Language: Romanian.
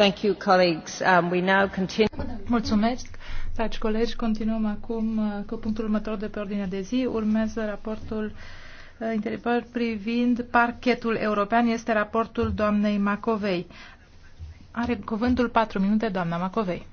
Um, Mulțumesc. Dragi colegi, continuăm acum uh, cu punctul următor de pe ordinea de zi. Urmează raportul uh, interimar privind parchetul european. Este raportul doamnei Macovei. Are cuvântul 4 minute doamna Macovei.